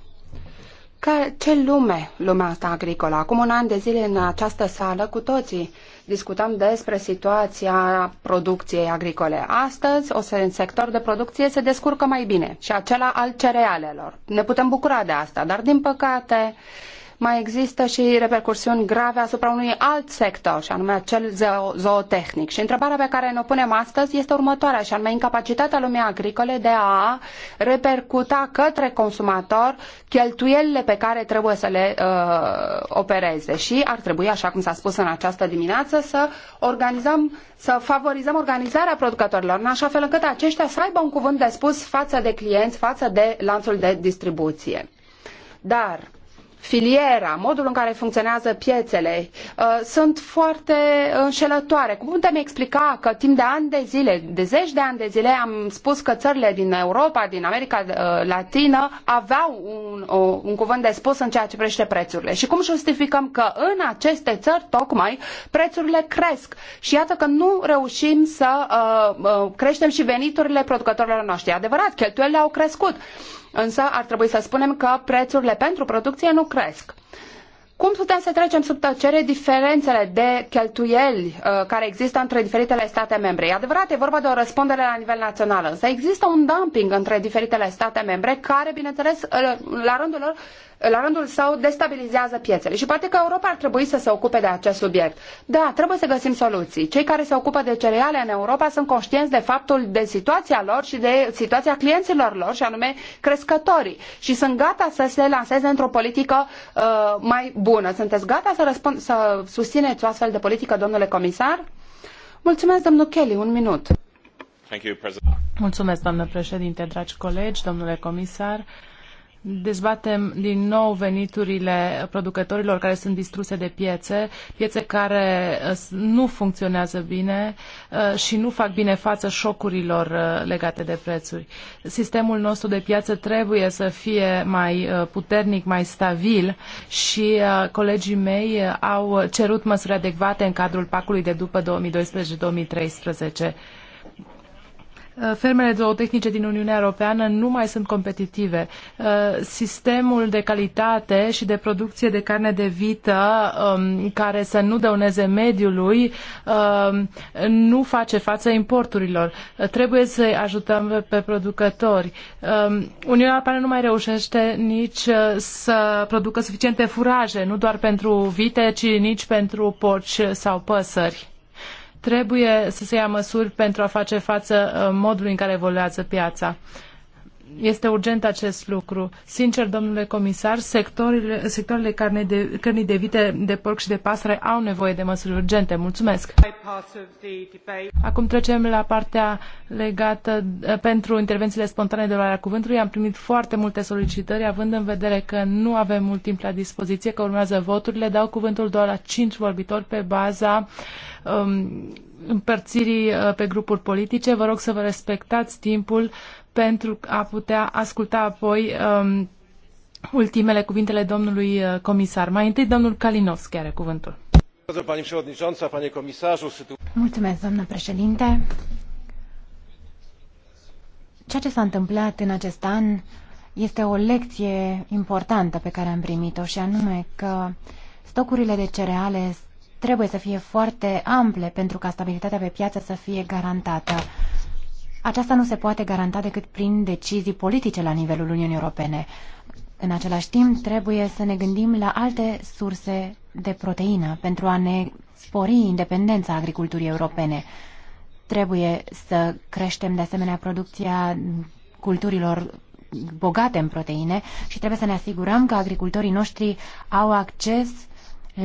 Că, ce lume, lumea asta agricolă? Acum un an de zile în această sală cu toții discutăm despre situația producției agricole. Astăzi, o să, în sector de producție se descurcă mai bine și acela al cerealelor. Ne putem bucura de asta, dar din păcate mai există și repercursiuni grave asupra unui alt sector, și anume cel zootehnic. Și întrebarea pe care ne-o punem astăzi este următoarea, și anume incapacitatea lumii agricole de a repercuta către consumator cheltuielile pe care trebuie să le uh, opereze. Și ar trebui, așa cum s-a spus în această dimineață, să organizăm, să favorizăm organizarea producătorilor, în așa fel încât aceștia să aibă un cuvânt de spus față de clienți, față de lanțul de distribuție. Dar filiera, modul în care funcționează piețele, uh, sunt foarte înșelătoare. Cum putem explica că timp de ani de zile, de zeci de ani de zile, am spus că țările din Europa, din America uh, Latină, aveau un, un cuvânt de spus în ceea ce privește prețurile? Și cum justificăm că în aceste țări, tocmai, prețurile cresc? Și iată că nu reușim să uh, creștem și veniturile producătorilor noștri. adevărat, cheltuielile au crescut. Însă ar trebui să spunem că prețurile pentru producție nu cresc. Cum putem să trecem sub tăcere diferențele de cheltuieli uh, care există între diferitele state membre? E adevărat, e vorba de o răspundere la nivel național, însă există un dumping între diferitele state membre care, bineînțeles, uh, la rândul lor la rândul său destabilizează piețele. Și poate că Europa ar trebui să se ocupe de acest subiect. Da, trebuie să găsim soluții. Cei care se ocupă de cereale în Europa sunt conștienți de faptul de situația lor și de situația clienților lor, și anume crescătorii. Și sunt gata să se lanseze într-o politică uh, mai bună. Sunteți gata să, răspund, să susțineți o astfel de politică, domnule comisar? Mulțumesc, domnul Kelly. Un minut. Mulțumesc, doamnă președinte, dragi colegi, domnule comisar. Dezbatem din nou veniturile producătorilor care sunt distruse de piețe, piețe care uh, nu funcționează bine uh, și nu fac bine față șocurilor uh, legate de prețuri. Sistemul nostru de piață trebuie să fie mai puternic, mai stabil și colegii mei au cerut măsuri adecvate în cadrul pacului de după 2012-2013 Uh, fermele zootehnice din Uniunea Europeană nu mai sunt competitive. Uh, sistemul de calitate și de producție de carne de vită um, care să nu dăuneze mediului um, nu face față importurilor. Uh, trebuie să ajutăm pe producători. Um, Uniunea Europeană nu mai reușește nici să producă suficiente furaje, nu doar pentru vite, ci nici pentru porci sau păsări. Trebuie să se ia măsuri pentru a face față uh, modului în care evoluează piața este urgent acest lucru. Sincer, domnule comisar, sectorile, sectorile carne de, cărnii de vite, de porc și de pasăre au nevoie de măsuri urgente. Mulțumesc! Acum trecem la partea legată eh, pentru intervențiile spontane de luarea cuvântului. Am primit foarte multe solicitări, având în vedere că nu avem mult timp la dispoziție, că urmează voturile. Dau cuvântul doar la cinci vorbitori pe baza um, împărțirii eh, pe grupuri politice. Vă rog să vă respectați timpul pentru a putea asculta apoi um, ultimele cuvintele domnului uh, comisar. Mai întâi domnul Kalinowski are cuvântul. Mulțumesc, doamnă președinte. Ceea ce s-a întâmplat în acest an este o lecție importantă pe care am primit-o și anume că stocurile de cereale trebuie să fie foarte ample pentru ca stabilitatea pe piață să fie garantată. Aceasta nu se poate garanta decât prin decizii politice la nivelul Uniunii Europene. În același timp, trebuie să ne gândim la alte surse de proteină pentru a ne spori independența agriculturii europene. Trebuie să creștem de asemenea producția culturilor bogate în proteine și trebuie să ne asigurăm că agricultorii noștri au acces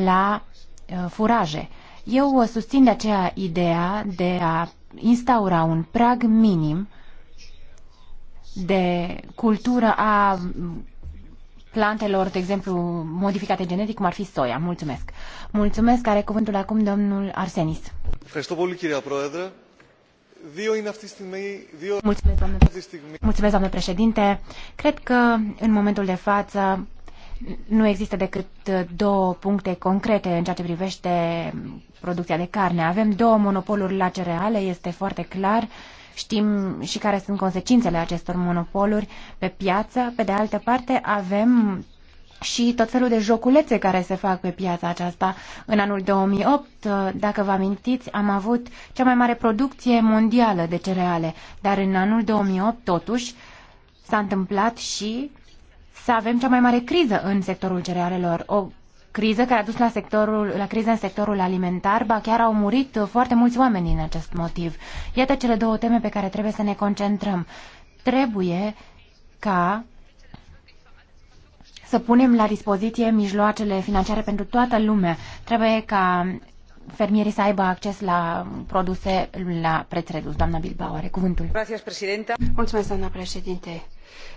la uh, furaje. Eu uh, susțin de aceea ideea de a instaura un prag minim de cultură a plantelor, de exemplu, modificate genetic, cum ar fi soia. Mulțumesc. Mulțumesc. Are cuvântul acum domnul Arsenis. Mulțumesc, doamnă, Mulțumesc, președinte. Cred că în momentul de față nu există decât uh, două puncte concrete în ceea ce privește producția de carne. Avem două monopoluri la cereale, este foarte clar. Știm și care sunt consecințele acestor monopoluri pe piață. Pe de altă parte, avem și tot felul de joculețe care se fac pe piața aceasta. În anul 2008, uh, dacă vă amintiți, am avut cea mai mare producție mondială de cereale, dar în anul 2008, totuși, s-a întâmplat și să avem cea mai mare criză în sectorul cerealelor. O criză care a dus la, sectorul, la criză în sectorul alimentar, ba chiar au murit foarte mulți oameni din acest motiv. Iată cele două teme pe care trebuie să ne concentrăm. Trebuie ca să punem la dispoziție mijloacele financiare pentru toată lumea. Trebuie ca fermierii să aibă acces la produse la preț redus. Doamna Bilbao are cuvântul. Mulțumesc, doamna președinte.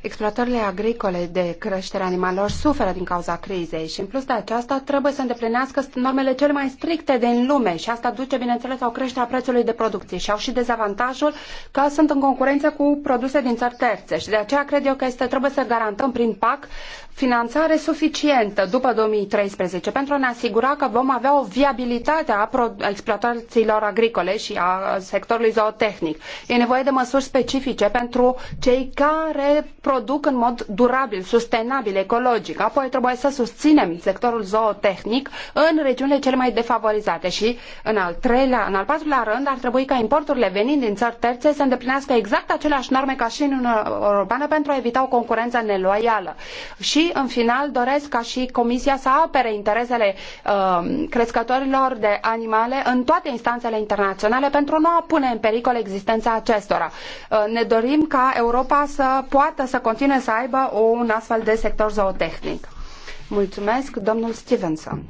Exploatările agricole de creștere animalelor suferă din cauza crizei și în plus de aceasta trebuie să îndeplinească normele cele mai stricte din lume și asta duce, bineînțeles, la o creștere a prețului de producție și au și dezavantajul că sunt în concurență cu produse din țări terțe și de aceea cred eu că este, trebuie să garantăm prin PAC finanțare suficientă după 2013 pentru a ne asigura că vom avea o viabilitate a exploatațiilor agricole și a sectorului zootehnic. E nevoie de măsuri specifice pentru cei care produc în mod durabil, sustenabil, ecologic. Apoi trebuie să susținem sectorul zootehnic în regiunile cele mai defavorizate și în al, treilea, în al patrulea rând ar trebui ca importurile venind din țări terțe să îndeplinească exact aceleași norme ca și în Uniunea Europeană pentru a evita o concurență neloială. Și în final, doresc ca și Comisia să apere interesele um, crescătorilor de animale în toate instanțele internaționale pentru a nu a pune în pericol existența acestora. Uh, ne dorim ca Europa să poată să continue să aibă un astfel de sector zootehnic. Mulțumesc, domnul Stevenson.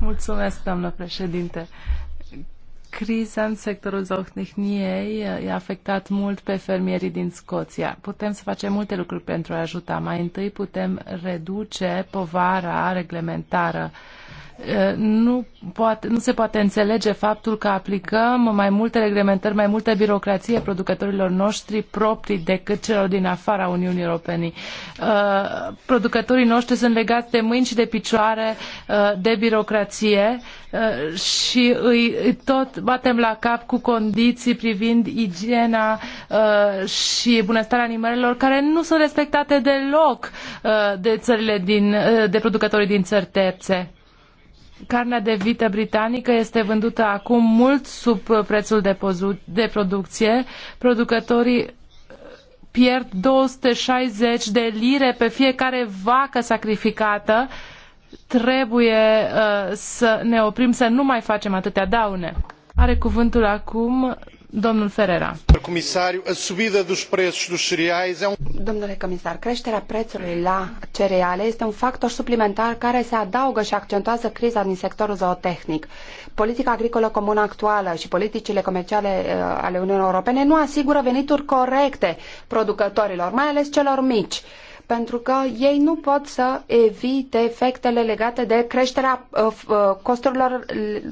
Mulțumesc, doamnă președinte criza în sectorul zohniei i-a afectat mult pe fermierii din Scoția. Putem să facem multe lucruri pentru a ajuta. Mai întâi putem reduce povara reglementară nu, poate, nu se poate înțelege faptul că aplicăm mai multe reglementări, mai multe birocrație producătorilor noștri proprii decât celor din afara Uniunii Europene. Uh, producătorii noștri sunt legați de mâini și de picioare uh, de birocrație uh, și îi, îi tot batem la cap cu condiții privind igiena și bunăstarea animalelor care nu sunt respectate deloc de țările din, de producătorii din țări terțe. Carnea de vită britanică este vândută acum mult sub prețul de, de producție. Producătorii uh, pierd 260 de lire pe fiecare vacă sacrificată. Trebuie uh, să ne oprim, să nu mai facem atâtea daune. Are cuvântul acum Domnule comisar, creșterea prețului la cereale este un factor suplimentar care se adaugă și accentuează criza din sectorul zootehnic. Politica agricolă comună actuală și politicile comerciale uh, ale Uniunii Europene nu asigură venituri corecte producătorilor, mai ales celor mici pentru că ei nu pot să evite efectele legate de creșterea uh, uh, costurilor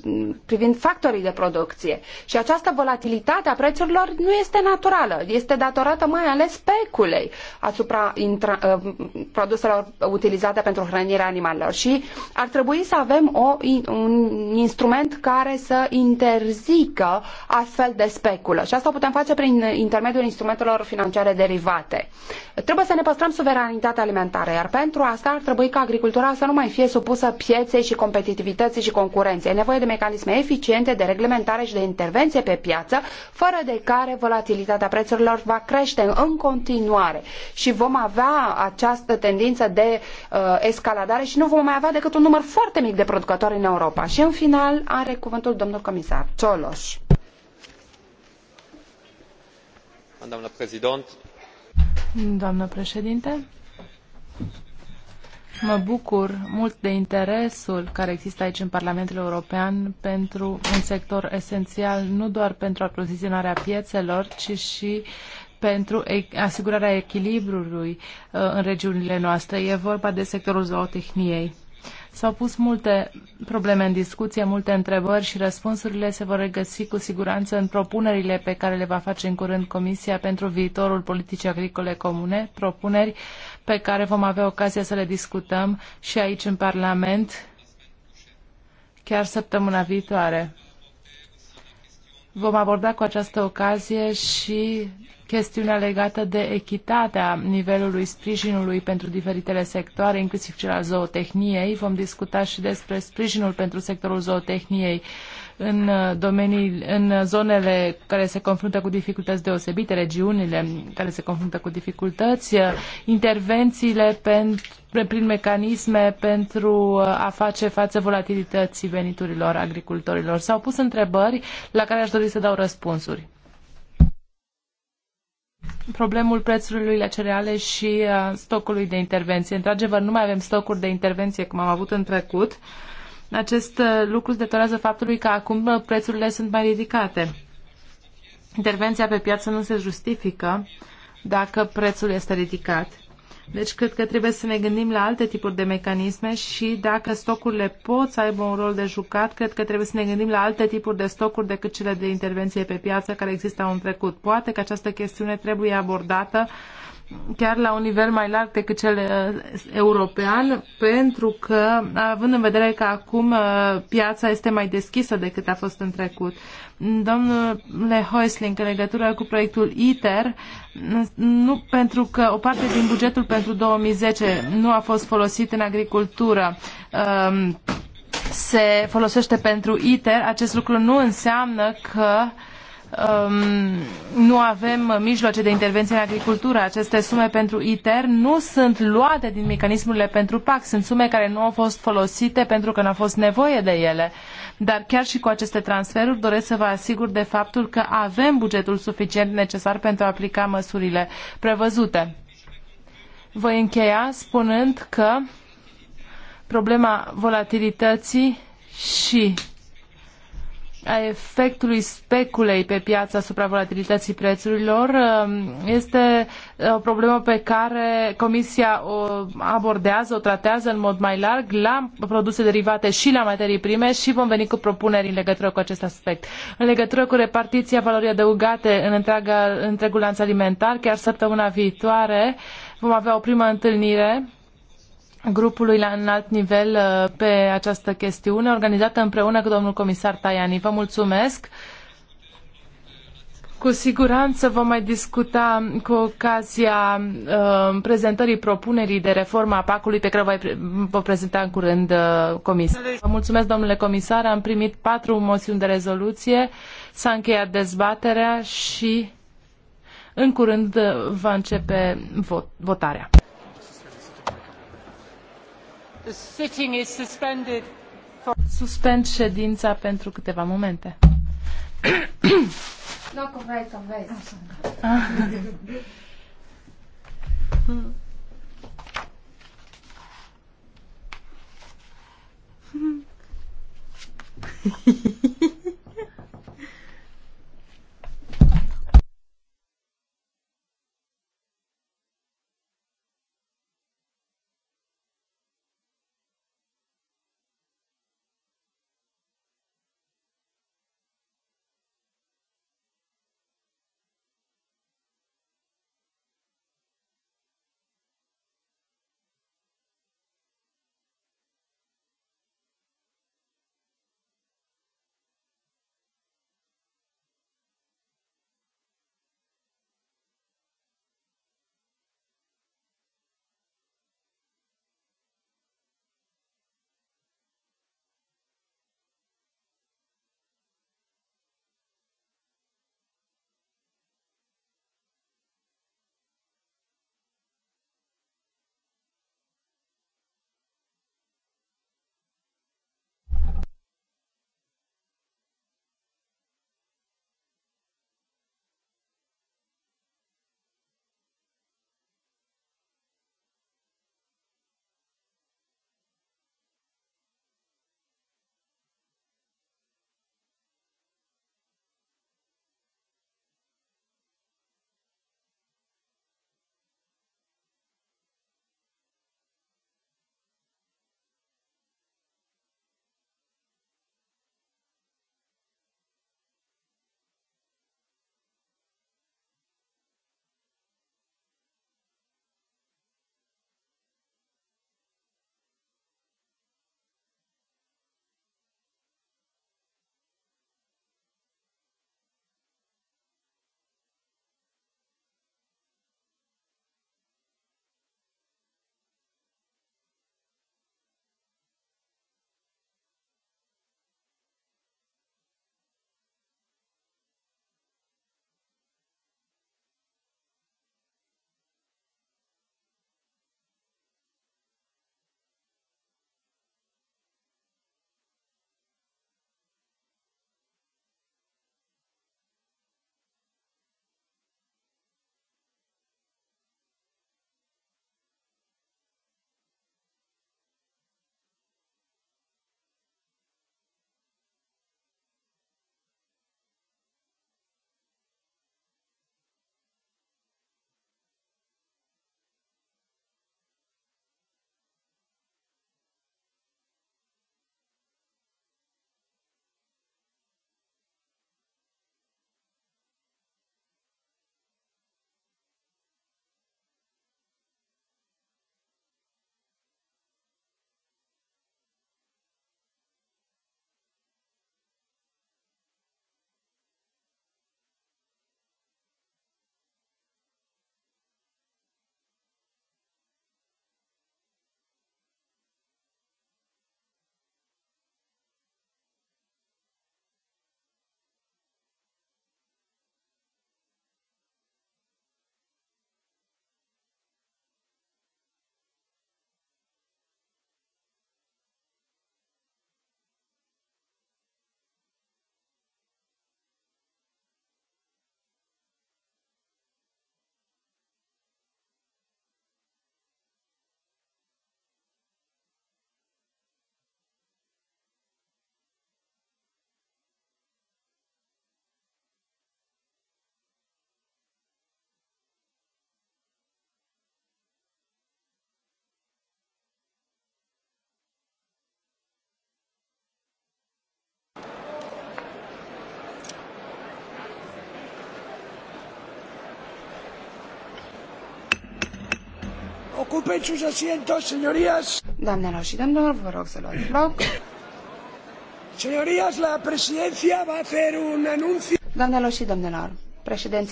uh, privind factorii de producție. Și această volatilitate a prețurilor nu este naturală, este datorată mai ales speculei asupra intra, produselor utilizate pentru hrănirea animalelor. Și ar trebui să avem o, un instrument care să interzică astfel de speculă. Și asta o putem face prin intermediul instrumentelor financiare derivate. Trebuie să ne păstrăm suveranitatea suveranitate alimentară, iar pentru asta ar trebui ca agricultura să nu mai fie supusă pieței și competitivității și concurenței. E nevoie de mecanisme eficiente de reglementare și de intervenție pe piață, fără de care volatilitatea prețurilor va crește în continuare și vom avea această tendință de uh, escaladare și nu vom mai avea decât un număr foarte mic de producători în Europa. Și în final are cuvântul domnul comisar Cioloș. Doamnă președinte, Doamnă președinte, mă bucur mult de interesul care există aici în Parlamentul European pentru un sector esențial nu doar pentru aprovizionarea piețelor, ci și pentru asigurarea echilibrului uh, în regiunile noastre. E vorba de sectorul zootehniei. S-au pus multe probleme în discuție, multe întrebări și răspunsurile se vor regăsi cu siguranță în propunerile pe care le va face în curând Comisia pentru viitorul politicii agricole comune, propuneri pe care vom avea ocazia să le discutăm și aici în Parlament chiar săptămâna viitoare. Vom aborda cu această ocazie și chestiunea legată de echitatea nivelului sprijinului pentru diferitele sectoare, inclusiv cel al zootehniei. Vom discuta și despre sprijinul pentru sectorul zootehniei în, uh, domenii, în zonele care se confruntă cu dificultăți deosebite, regiunile care se confruntă cu dificultăți, uh, intervențiile pentru, prin mecanisme pentru uh, a face față volatilității veniturilor agricultorilor. S-au pus întrebări la care aș dori să dau răspunsuri problemul prețului la cereale și uh, stocului de intervenție. Într-adevăr, nu mai avem stocuri de intervenție cum am avut în trecut. Acest uh, lucru se datorează faptului că acum uh, prețurile sunt mai ridicate. Intervenția pe piață nu se justifică dacă prețul este ridicat. Deci cred că trebuie să ne gândim la alte tipuri de mecanisme și dacă stocurile pot să aibă un rol de jucat, cred că trebuie să ne gândim la alte tipuri de stocuri decât cele de intervenție pe piață care existau în trecut. Poate că această chestiune trebuie abordată chiar la un nivel mai larg decât cel uh, european, pentru că, uh, având în vedere că acum uh, piața este mai deschisă decât a fost în trecut. Domnule Hoisling, în legătură cu proiectul ITER, nu pentru că o parte din bugetul pentru 2010 nu a fost folosit în agricultură, um, se folosește pentru ITER, acest lucru nu înseamnă că uh, um, nu avem mijloace de intervenție în agricultură. Aceste sume pentru ITER nu sunt luate din mecanismurile pentru PAC. Sunt sume care nu au fost folosite pentru că n-a fost nevoie de ele. Dar chiar și cu aceste transferuri doresc să vă asigur de faptul că avem bugetul suficient necesar pentru a aplica măsurile prevăzute. Voi încheia spunând că problema volatilității și a efectului speculei pe piața asupra volatilității prețurilor um, este uh, o problemă pe care Comisia o abordează, o tratează în mod mai larg la produse derivate și la materii prime și vom veni cu propuneri în legătură cu acest aspect. În legătură cu repartiția valorii adăugate în întreaga, întregul lanț alimentar, chiar săptămâna viitoare vom avea o primă întâlnire grupului la înalt nivel uh, pe această chestiune, organizată împreună cu domnul comisar Tajani. Vă mulțumesc! Cu siguranță vom mai discuta cu ocazia uh, prezentării propunerii de reformă a PAC-ului pe care vă voi prezenta în curând uh, comisia. Vă mulțumesc, domnule comisar, am primit patru moțiuni de rezoluție, s-a încheiat dezbaterea și în curând uh, va începe vot votarea. Suspend ședința pentru câteva momente. Nu cum vrei, cum vrei. Ah. ocupen sus asientos, señorías. Doamnelor și domnilor, vă rog să luați loc. Señorías, la presidencia va a hacer un anuncio. Doamnelor și domnilor, președinția